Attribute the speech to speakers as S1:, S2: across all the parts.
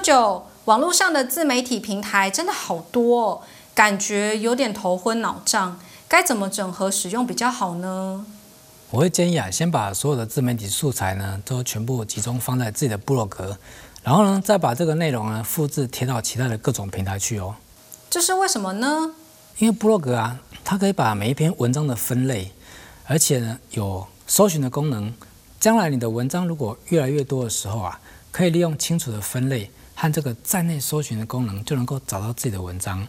S1: 久網絡上的自媒體平臺真的好多哦，感覺有點頭昏腦脹，該怎麼整合使用比較好呢？
S2: 我會建議啊，先把所有的自媒體素材呢，都全部集中放在自己的部落格，然後呢，再把這個內容呢，複製貼到其他的各種平臺去哦。這是為什麼呢？因為部落格啊，它可以把每一篇文章的分類，而且呢，有搜尋的功能。將來你的文章如果越來越多的時候啊，可以利用清楚的分類。和這個站內搜尋的功能就能夠找到自己的文章，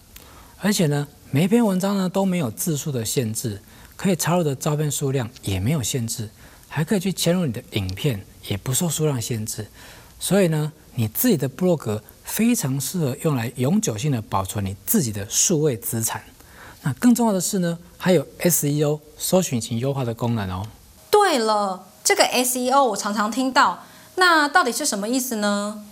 S2: 而且呢，每一篇文章呢都沒有字數的限制，可以插入的照片數量也沒有限制，還可以去嵌入你的影片，也不受數量限制。所以呢，你自己的部落格非常適合用來永久性的保存你自己的數位資產。那更重要的是呢，還有 SEO 搜尋型優化的功能哦。
S1: 對了，這個 SEO 我常常聽到，那到底是什麼意思呢？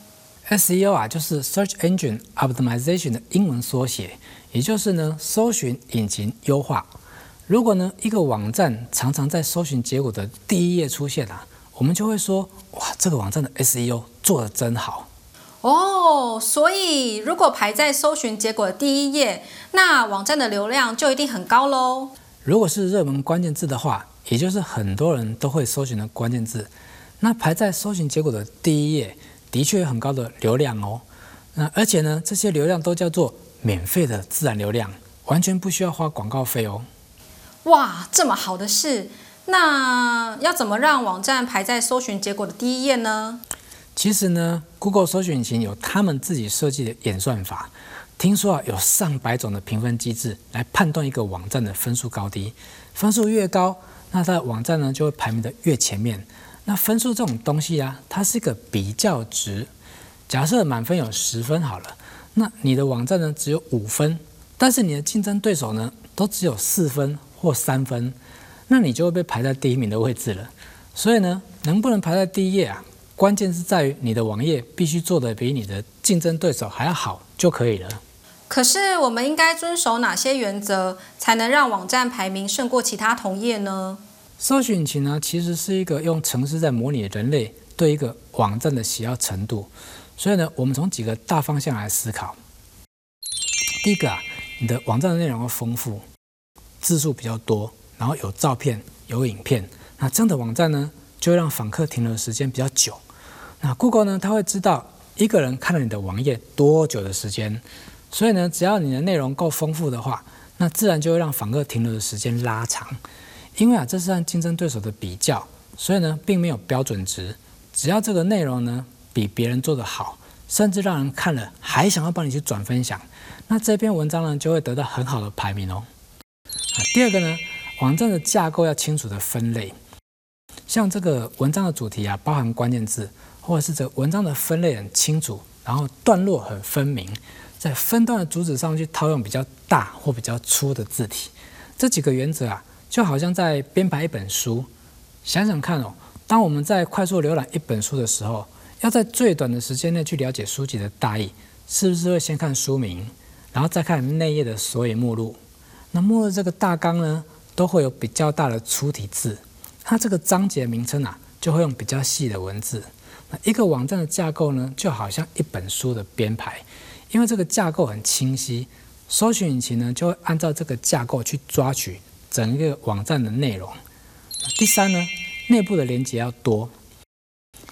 S2: SEO 啊，就是 Search Engine Optimization 的英文縮寫，也就是呢，搜尋引擎優化。如果呢，一個網站常常在搜尋結果的第一頁出現啊，我們就會說，哇，這個網站的 SEO 做得真好
S1: 哦。Oh, 所以，如果排在搜尋結果的第一頁，那網站的流量就一定很高嘍。
S2: 如果是熱門關鍵字的話，也就是很多人都會搜尋的關鍵字，那排在搜尋結果的第一頁。的確有很高的流量哦，那而且呢，這些流量都叫做免費的自然流量，完全不需要花廣告費哦。
S1: 哇，這麼好的事，那要怎麼讓網站排在搜尋結果的第一頁呢？
S2: 其實呢，Google 搜尋引擎有他們自己設計的演算法，聽說啊，有上百種的評分機制來判斷一個網站的分數高低，分數越高，那它的網站呢就會排名得越前面。那分數這種東西啊，它是一個比較值。假設滿分有十分好了，那你的網站呢只有五分，但是你的競爭對手呢都只有四分或三分，那你就會被排在第一名的位置了。所以呢，能不能排在第一頁啊，關鍵是在於你的網頁必須做得比你的競爭對手還要好就可以了。
S1: 可是我們應該遵守哪些原則，才能讓網站排名勝過其他同業呢？
S2: 搜尋引擎呢，其實是一個用程式在模擬人類對一個網站的喜好程度，所以呢，我們從幾個大方向來思考。第一個啊，你的網站的內容要豐富，字數比較多，然後有照片、有影片，那這樣的網站呢，就會讓訪客停留的時間比較久。那 Google 呢，它會知道一個人看了你的網頁多久的時間，所以呢，只要你的內容夠豐富的話，那自然就會讓訪客停留的時間拉長。因為啊，這是按競爭對手的比較，所以呢，並沒有標準值。只要這個內容呢，比別人做得好，甚至讓人看了還想要幫你去轉分享，那這篇文章呢，就會得到很好的排名哦。啊，第二個呢，網站的架構要清楚的分類，像這個文章的主題啊，包含關鍵字，或者是這文章的分類很清楚，然後段落很分明，在分段的主旨上去套用比較大或比較粗的字體，這幾個原則啊。就好像在編排一本書，想想看哦，當我們在快速瀏覽一本書的時候，要在最短的時間內去了解書籍的大意，是不是會先看書名，然後再看內頁的索引目錄？那目錄這個大綱呢，都會有比較大的粗體字，它這個章節名稱啊，就會用比較細的文字。那一個網站的架構呢，就好像一本書的編排，因為這個架構很清晰，搜尋引擎呢就會按照這個架構去抓取。整個網站的內容。第三呢，內部的連接要多。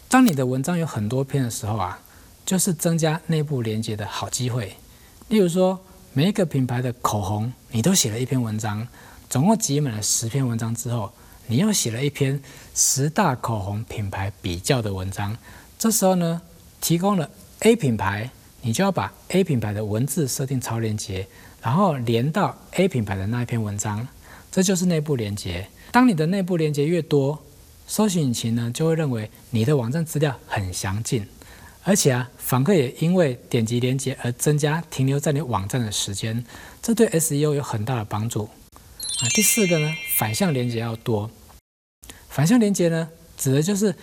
S2: 當你的文章有很多篇的時候啊，就是增加內部連接的好機會。例如說，每一個品牌的口紅，你都寫了一篇文章，總共集滿了十篇文章之後，你又寫了一篇十大口紅品牌比較的文章。這時候呢，提供了 A 品牌，你就要把 A 品牌的文字設定超鏈接，然後連到 A 品牌的那一篇文章。這就是內部連接。當你的內部連接越多，搜尋引擎呢就會認為你的網站資料很詳盡，而且啊，訪客也因為點擊連接而增加停留在你網站的時間，這對 SEO 有很大的幫助。啊，第四個呢，反向連接要多。反向連接呢，指的就是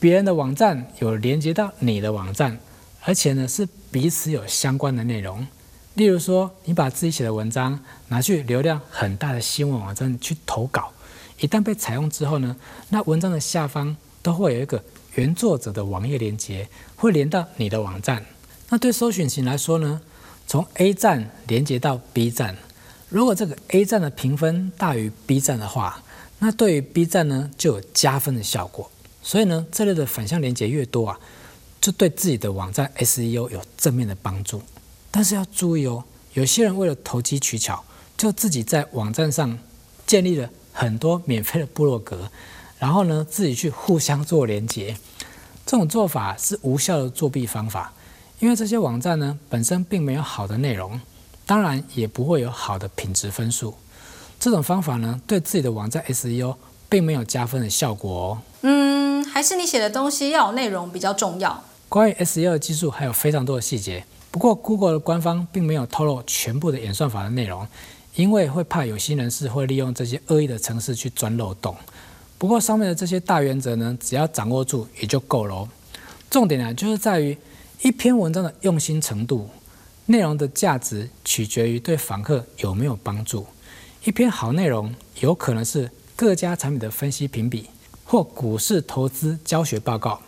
S2: 別人的網站有連接到你的網站，而且呢是彼此有相關的內容。例如說，你把自己寫的文章拿去流量很大的新聞網站去投稿，一旦被採用之後呢，那文章的下方都會有一個原作者的網頁連接，會連到你的網站。那對搜尋型來說呢，從 A 站連接到 B 站，如果這個 A 站的評分大於 B 站的話，那對於 B 站呢就有加分的效果。所以呢，這類的反向連接越多啊，就對自己的網站 SEO 有正面的幫助。但是要注意哦，有些人為了投機取巧，就自己在網站上建立了很多免費的部落格，然後呢，自己去互相做連接。這種做法是無效的作弊方法，因為這些網站呢本身並沒有好的內容，當然也不會有好的品質分數。這種方法呢，對自己的網站 SEO 並沒有加分的效果哦。
S1: 嗯，還是你寫的東西要有內容比較重要。
S2: 關於 SEO 技術，還有非常多的細節。不過，Google 的官方並沒有透露全部的演算法的內容，因為會怕有心人士會利用這些惡意的程式去鑽漏洞。不過，上面的這些大原則呢，只要掌握住也就夠了。重點呢，就是在於一篇文章的用心程度，內容的價值取決於對訪客有沒有幫助。一篇好內容，有可能是各家產品的分析評比，或股市投資教學報告，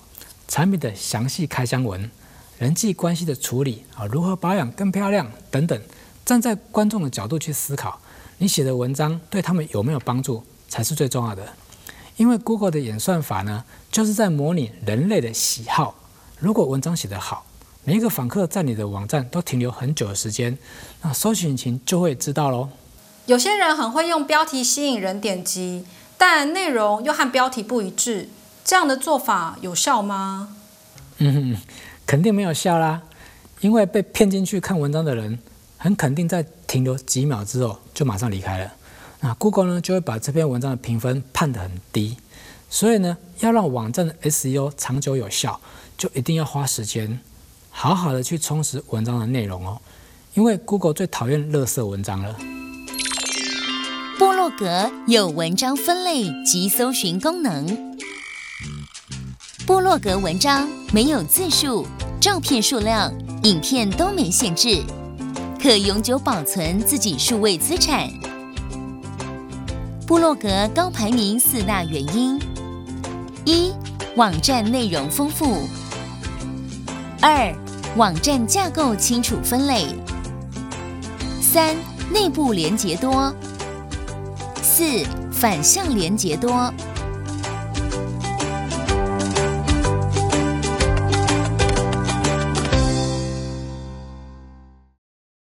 S2: 產品的詳細開箱文。人際關係的處理啊，如何保養更漂亮等等，站在觀眾的角度去思考，你寫的文章對他們有沒有幫助才是最重要的。因為 Google 的演算法呢，就是在模擬人類的喜好。如果文章寫得好，每一個訪客在你的網站都停留很久的時間，那搜尋引擎就會知道嘍。
S1: 有些人很會用標題吸引人點擊，但內容又和標題不一致，這樣的做法有效嗎？
S2: 嗯哼。肯定沒有效啦，因為被騙進去看文章的人，很肯定在停留幾秒之後就馬上離開了。那 Google 呢，就會把這篇文章的評分判得很低。所以呢，要讓網站的 SEO 長久有效，就一定要花時間，好好的去充實文章的內容哦。因為 Google 最討厭垃圾文章了。部落格
S1: 有文章分類及搜尋功能。部落格文章沒有字數、照片數量、影片都沒限制，可永久保存自己數位資產。部落格高排名四大原因：一、網站內容豐富；二、網站架構清楚分類；三、內部連結多；四、反向連結多。